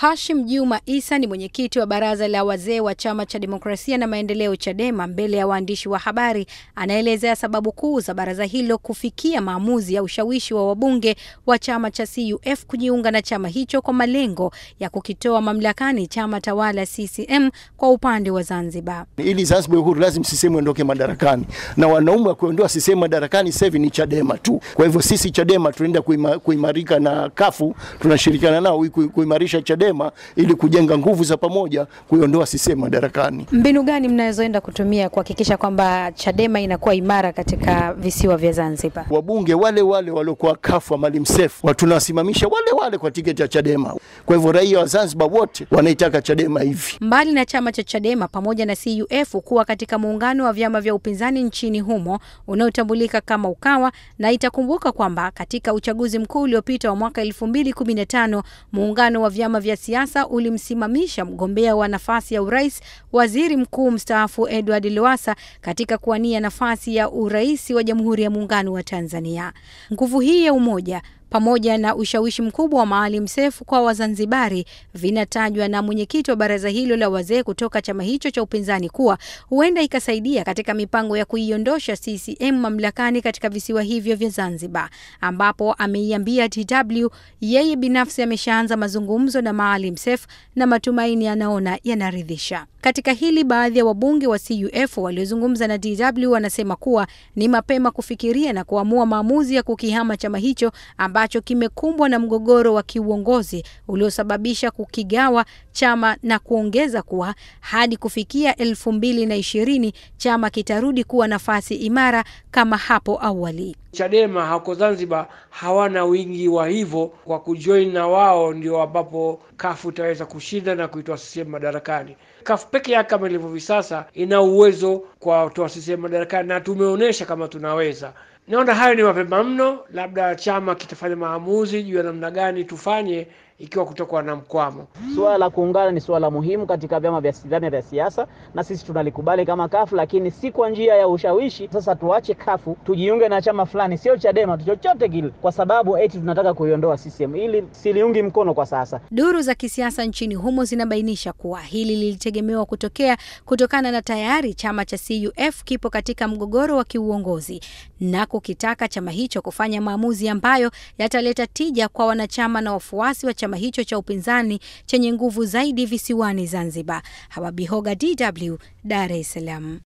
Hashim Juma Isa ni mwenyekiti wa baraza la wazee wa chama cha demokrasia na maendeleo Chadema, mbele ya waandishi wa habari, anaelezea sababu kuu za baraza hilo kufikia maamuzi ya ushawishi wa wabunge wa chama cha CUF kujiunga na chama hicho kwa malengo ya kukitoa mamlakani chama tawala CCM kwa upande wa Zanzibar. Ili Zanzibar uhuru, lazima CCM ondoke madarakani, na wanaume wa kuondoa CCM madarakani sevi ni Chadema tu. Kwa hivyo sisi Chadema tunaenda kuimarika na kafu tunashirikiana nao kuimarisha Chadema sisema ili kujenga nguvu za pamoja kuiondoa sisema madarakani. Mbinu gani mnazoenda kutumia kuhakikisha kwamba Chadema inakuwa imara katika visiwa vya Zanzibar? Wabunge wale wale waliokuwa kafa Maalim Seif tunawasimamisha wale wale kwa tiketi ya Chadema. Kwa hivyo raia wa Zanzibar wote wanaitaka Chadema hivi. Mbali na chama cha Chadema pamoja na CUF kuwa katika muungano wa vyama vya upinzani nchini humo unaotambulika kama Ukawa, na itakumbuka kwamba katika uchaguzi mkuu uliopita wa mwaka 2015 muungano wa vyama vya siasa ulimsimamisha mgombea wa nafasi ya urais waziri mkuu mstaafu Edward Lowassa katika kuwania nafasi ya urais wa Jamhuri ya Muungano wa Tanzania. Nguvu hii ya umoja pamoja na ushawishi mkubwa wa Maalim Seif kwa Wazanzibari vinatajwa na mwenyekiti wa baraza hilo la wazee kutoka chama hicho cha upinzani kuwa huenda ikasaidia katika mipango ya kuiondosha CCM mamlakani katika visiwa hivyo vya Zanzibar, ambapo ameiambia DW yeye binafsi ameshaanza mazungumzo na Maalim Seif na matumaini anaona yanaridhisha. Katika hili baadhi ya wabunge wa CUF waliozungumza na DW wanasema kuwa ni mapema kufikiria na kuamua maamuzi ya kukihama chama hicho ambacho kimekumbwa na mgogoro wa kiuongozi uliosababisha kukigawa chama na kuongeza kuwa hadi kufikia elfu mbili na ishirini chama kitarudi kuwa nafasi imara kama hapo awali. Chadema hako Zanzibar hawana wingi wa hivyo, kwa kujoin na wao ndio ambapo kafu itaweza kushinda na kuitoa CCM madarakani kafu peke yake kama ilivyo hivi sasa ina uwezo kwa watu wasisi madarakani, na tumeonyesha kama tunaweza Naona hayo ni mapema mno, labda chama kitafanya maamuzi juu ya namna gani tufanye ikiwa kutokuwa na mkwamo. Suala la kuungana ni suala muhimu katika vyama vya ndani vya siasa, na sisi tunalikubali kama kafu, lakini si kwa njia ya ushawishi. Sasa tuache kafu tujiunge na chama fulani, sio Chadema chochote kile, kwa sababu eti tunataka kuiondoa CCM. Ili siliungi mkono kwa sasa. Duru za kisiasa nchini humo zinabainisha kuwa hili lilitegemewa kutokea kutokana na tayari chama cha CUF kipo katika mgogoro wa kiuongozi na kukitaka chama hicho kufanya maamuzi ambayo yataleta tija kwa wanachama na wafuasi wa chama hicho cha upinzani chenye nguvu zaidi visiwani Zanzibar. Hababihoga, DW, Dar es Salaam.